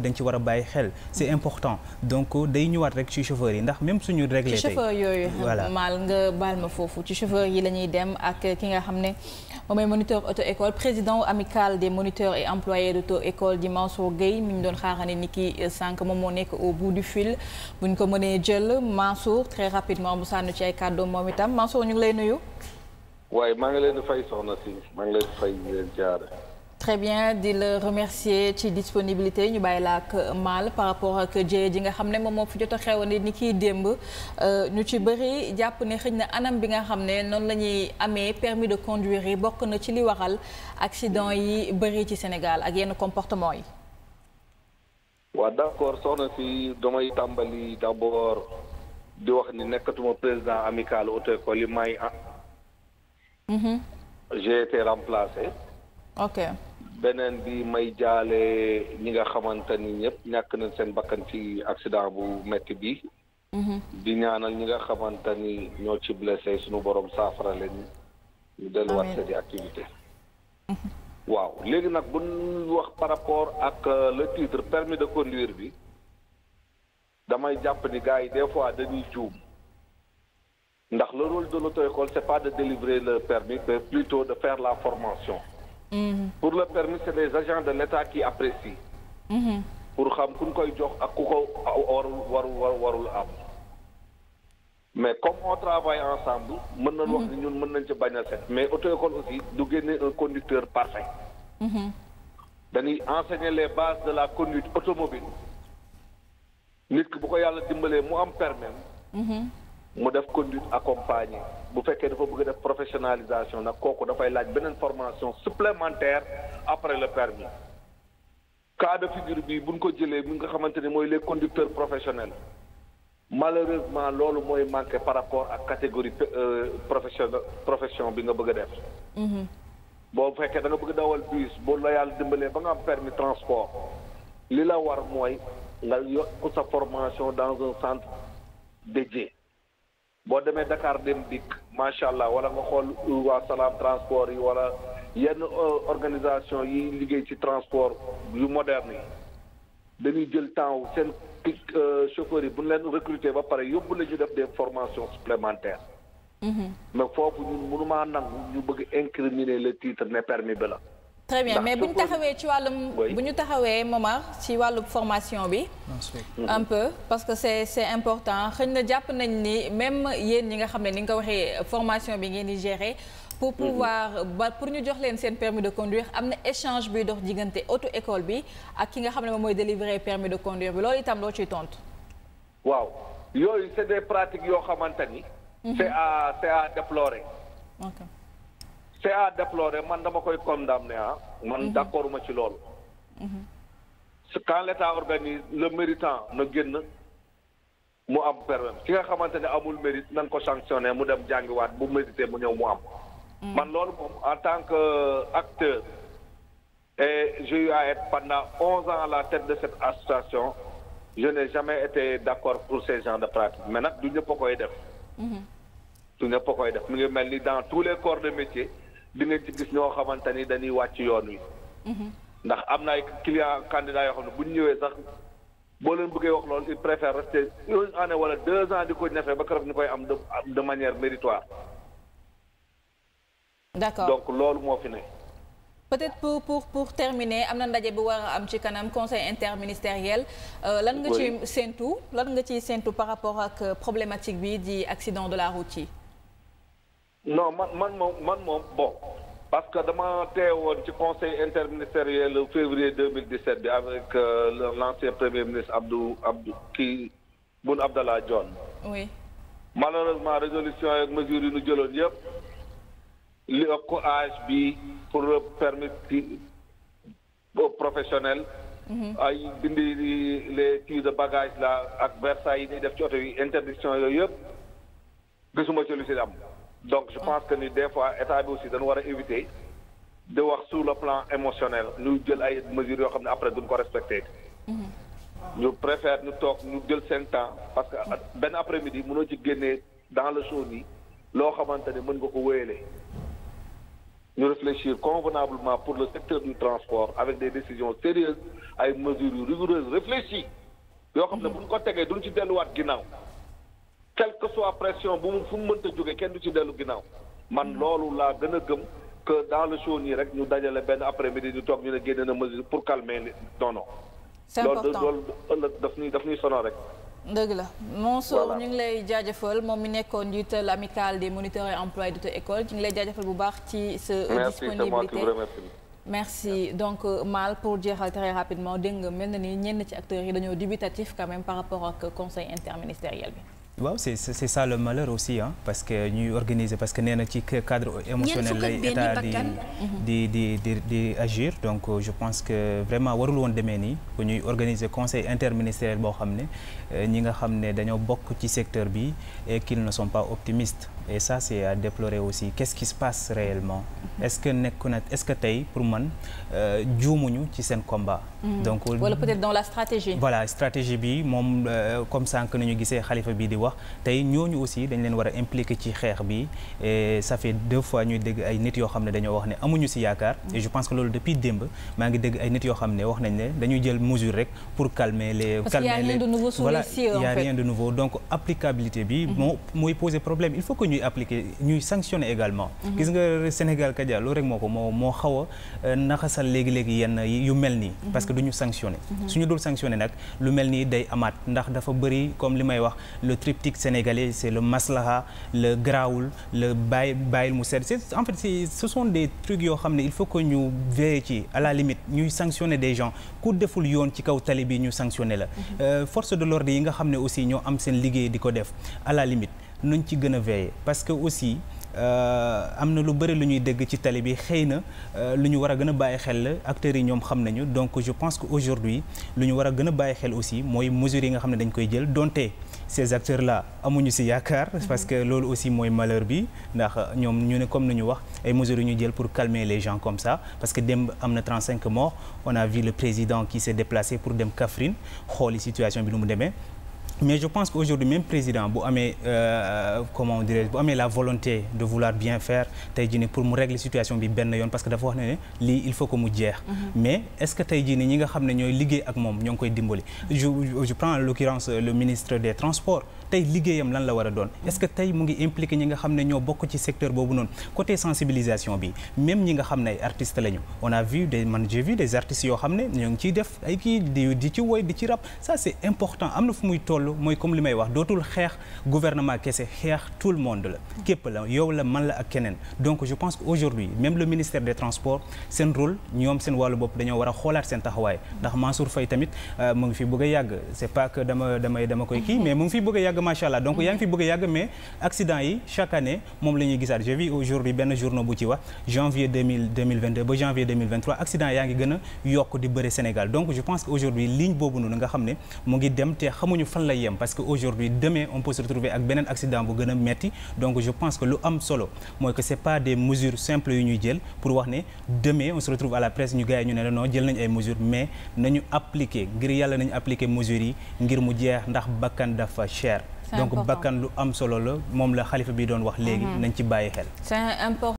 dañ ci war a bàyyi xel c'est important donc day ñëwaat rek ci chauffeur yi ndax même suñu réglé ci chauffeur yooyu maal nga baal ma ci chauffeur yi la ñuy dem ak ki nga xam ne moom mooy moniteur auto école président amical des moniteurs et employés d'auto école di Mansour Gueye mi ñu doon xaarane ni ki moom moo nekk au bout du fil bu ko mënee jël Mansour très rapidement mu sànnu ci ay kàddoom moom itam Mansour ñu ngi lay nuyu waaye maa ngi leen di soxna si maa ngi leen di leen jaare très bien di la remercier ci disponibilité ñu bàyyi la ak Mal par rapport ak jëye ji nga xam ne moom moo fi jot a xewani ni kiy démb euh, ñu ci bëri jàpp ne xëy na anam bi nga xam ne noonu lañuy ñuy amee permis de conduire yi bokk na ci li waxal accident yi bëri ci Sénégal ak yenn comportement yi. waaw d'accord soxna si damay tàmbali d'abord di wax ni nekkatuma président amical auto école yi may mhm. j'ai été remplacé. ok beneen bi may jaale ñi nga xamante ni ñëpp ñàkk nañ seen bakkan ci accident bu metti bi mhm. di ñaanal ñi nga xamante ni ñoo ci blessé suñu borom saafara leen ñu delluwaat seen activité mhm. waaw léegi nag bu ñu wax par rapport ak euh, le titre permis de conduire bi damay jàpp ni gars yi des fois dañuy juum ndax le rôle de l'auto-école c'est pas de délivrer le permis mais plutôt de faire la formation Mhm. pour le permis c'est des agents de l'État qui apprécient. Mhm. pour xam kuñ koy jox ak ku ko warul warul warul am. mais comme on travaille ensemble. mën nañ wax ni ñun mën nañ ci bañ a set. mais auto-école aussi du génne un conducteur parfait. Mhm. dañuy enseigner les bases de la conduite automobile nit ki bu ko yàlla dimbalee mu am permis. mu def conduite accompagnée bu fekkee dafa bëgg def professionalisation nag kooku dafay laaj beneen formation supplémentaire après le permis cas de figure bi buñ ko jëlee mi nga xamante ni mooy les conducteurs professionnels malheureusement loolu mooy manqué par rapport ak catégorie euh, profession profession bi nga bëgg a def mm-hmm. boo fekkee da bëgg dawal bus boo la yàlla dimbalee ba nga am permis transport li la war mooy nga yokk sa formation dans un centre dédié boo demee Dakar dem dikk macha allah wala nga xool waa salaam transport yi wala yenn euh, organisation yi liggéey ci transport yu moderne yi dañuy jël temps seen euh, chauffeurs yi bu ñu leen recruter ba pare yóbbu la ñu def des formations supplémentaires. Mm-hmm. mais foofu ñun mënumaa nangu ñu bëgg incriminer le titre ne permis bi la. très bien mais bu ñu taxawee ci wàllum bu ñu taxawee Momar ci wàllum formation bi. un peu parce que c'est c'est important xëñ na jàpp nañ ni même yéen ñi nga xam ne ni nga ko waxee formation bi ngeen di gérer. pour mm-hmm. pouvoir ba pour ñu jox leen seen permis de conduire am na échange buy dox diggante auto école bi ak ki nga xam ne moom mooy délivrer permis de conduire bi loolu itam loo ciy waaw yooyu c'est des pratiques yoo xamante ni. Mm-hmm. c'est à déplorer. c'est à déplorer man dama koy condamner ah. man mhm. d'accord ma ci loolu. Mhm. quand l'État organise le méritant na génn mu am permis ki nga xamante ne amul mérite nañ ko sanctionner mu dem jàngiwaat bu mérité mu ñëw mu am. Mhm. man lool moom en tant que euh, acteur et j'ai eu à être pendant onze ans à la tête de cette association je n'ai jamais été d'accord pour ces genres de pratiques mais nag du ñëpp koy def. du ñëpp a koy def mi ngi mel ni dans tous les corps de métier. li nga ci gis ñoo xamante ni dañuy wàcc yoon wi. Mhm. ndax am na ay client candidat yoo xam ne bu ñu ñëwee sax boo leen bëggee wax loolu il préfère rester une année wala deux ans di ko ñafe ba keroog ñu koy am de de manière méritoire. d'accord donc loolu moo fi ne. peut-être pour pour pour terminer am na ndaje bu war a am ci kanam conseil interministériel. Euh, lan nga ci séentu lan nga ciy séentu par rapport ak problématique bi di accident de la route yi. non man man moom man moom bon parce que dama teewoon ci conseil interministériel le février 2017 bi avec euh, l'ancien premier ministre Abdou Abdou kii Boun Abdallah Dionne. oui. malheureusement résolution ak mesures yi ñu jëloon yëpp li ëpp âge bi pour permettre aux professionnels. Mhm. ay dindi les tirs de bagages là ak Versailles yi ñuy def ci oto yi interdiction yooyu yëpp gisuma solution am. donc je pense que ni des fois état bi aussi dañu war a éviter di wax sur le plan émotionnel nu jël ay mesures yoo xam ne après duñ ko respecté. Mhm. ñu préfère ñu toog ñu jël seen temps parce que benn après midi mënoo ci génnee dans le jour yi loo xamante ne mën nga ko wéyalee. ñu réfléchir convenablement pour le secteur du transport avec des décisions sérieuses ay mesures rigoureuses réfléchies yoo xam ne mhm. bu ñu ko tegee duñ ci delluwaat ginnaaw. quelle que soit pression bu mu fu mu mënta jóge kenn du ci dellu ginnaaw man mm. loolu laa gën a gëm que dans le show nii rek ñu dajale benn après midi di toog ñu ne génne na mesure pour calmer non non. c'est important loolu ëllëg daf ñuy daf rek. dëgg la Mansour ñu ngi lay jaajafal moom mi nekkoon njiital amicale des moniteurs et employés d'auto-école ñu ngi lay jaajëfal bu baax ci sa disponibilité merci donc euh, Mal pour jeexal très rapidement dégg mel na ni ñenn ci acteurs yi dañoo dubitatif quand même par rapport ak conseil waaw c'est c'est ça le malheur aussi parce que ñuy organiser parce que neena ci cadre émotionnel lay état di di di di di agir donc euh, je pense que vraiment warul woon demee nii bu ñuy organiser conseil interministériel boo xam ne euh, ñi nga xam ne dañoo bokk ci secteur bi et qu'ils ne sont pas optimistes et ça c'est a déplorer aussi qu'est-ce qui se passe réellement est-ce que nekk na est-ce que tey pour man euh, juumuñu ci seen combat mm-hmm. donc euh, wala peut-être dans la stratégie voilà stratégie bi moom euh, comme sànq nañu gisee xalifa bi di wax tey ñooñu aussi dañ leen war a impliquer ci xeex bi e ça fait deux fois ñuy dégg ay nit yoo xam ne dañoo wax ne amuñu si yaakaar mm-hmm. et je pense que loolu depuis démb maa ngi dégg ay nit yoo xam ne wax nañ ne dañuy jël mesure rek pour calmer les calmer les voilà il ñuy appliquer ñuy sanctionner également. Mhm. gis nga Sénégal Kaja loolu rek moo ko moo moo xaw a euh, naxasal léegi léegi yenn yu mel nii. Mhm. parce que du ñu sanctionner. Mhm. suñu dul sanctionner nag lu mel nii day amaat ndax dafa bëri comme li may wax le triptyque sénégalais c'est le maslaha le graawul le bàyyi bàyyil mu sedd c'est en fait ce sont des trucs yoo xam ne il faut que ñu veiller ci à la limite ñuy sanctionner des gens ku deful yoon ci kaw tali bi ñu sanctionner la. Euh, force de l'ordre yi nga xam ne aussi ñoo am seen liggéey di ko def nuñ ci gën a veiller parce que aussi euh, am na lu bëri lu ñuy dégg ci tali bi xëy na euh, lu ñu war a gën a bàyyi xel la acteurs yi ñoom xam nañu donc je pense que aujourd'hui lu ñu war a gën a bàyyi xel aussi mooy mesures yi nga xam ne dañ koy jël donte ces acteurs la amuñu si yaakaar mhm. parce que loolu aussi mooy malheur bi ndax ñoom ñu ne comme ni ñu wax ay mesures yu ñu jël pour calmer les gens comme ça parce que démb am na 35 morts on a vu le président qui s'est déplacé pour dem Kaffrine xooli situation bi lu mu demee mais je pense qu'aujourd'hui même président euh, euh, bu amee la volonté de vouloir bien faire tey jii nii pour mu régler situation bi benn yoon parce que dafa wax ne ne lii il faut que mu jeex mm-hmm. mais est-ce que tey jii nii ñi nga xam ne ñooy liggéey ak moom ñoo ngi koy dimbali je je prends en l'occurrence le ministre des transports tey liggéeyam lan la war a doon est-ce que tey mu ngi impliqué ñi nga xam ne ñoo bokk ci secteur boobu noonu côté sensibilisation bi même ñi nga xam ne ay artistes lañu on man j'ai vu yoo xam ne ñoo ngi ciy def ay kii di ci woy di toll loolu mooy comme li may wax dootul xeex gouvernement kese xeex tout le monde la képp la yow la man la ak keneen donc je pense que aujourd'hui même le ministère des transports seen rôle ñoom seen wàllu bopp dañoo war xoolaat seen taxawaay ndax ma Faye tamit euh, mu ngi fi bëgg yàgg c'est pas que dama damay dama koy kii mais mu ngi fi bëgg yàgg macha donc yaa ngi fi bëgg yàgg mais accident yi chaque année moom la ñuy gisaat je vis aujourd'hui benn journaux bu ci wax la yem parce que aujourd'hui demain on peut se retrouver ak beneen accident bu gën metti donc je pense que lu am solo mooy que c'est pas des mesures simples yu ñuy jël pour wax ne demain on se retrouve à la presse ñu gars ñu ne non jël nañ ay mesures mais nañu appliquer ngir yàlla nañu appliquer mesures yi ngir mu jeex ndax bakkan dafa cher donc bakkan lu am solo la moom la xalifa bi doon wax léegi mhm. nañ ci bàyyi xel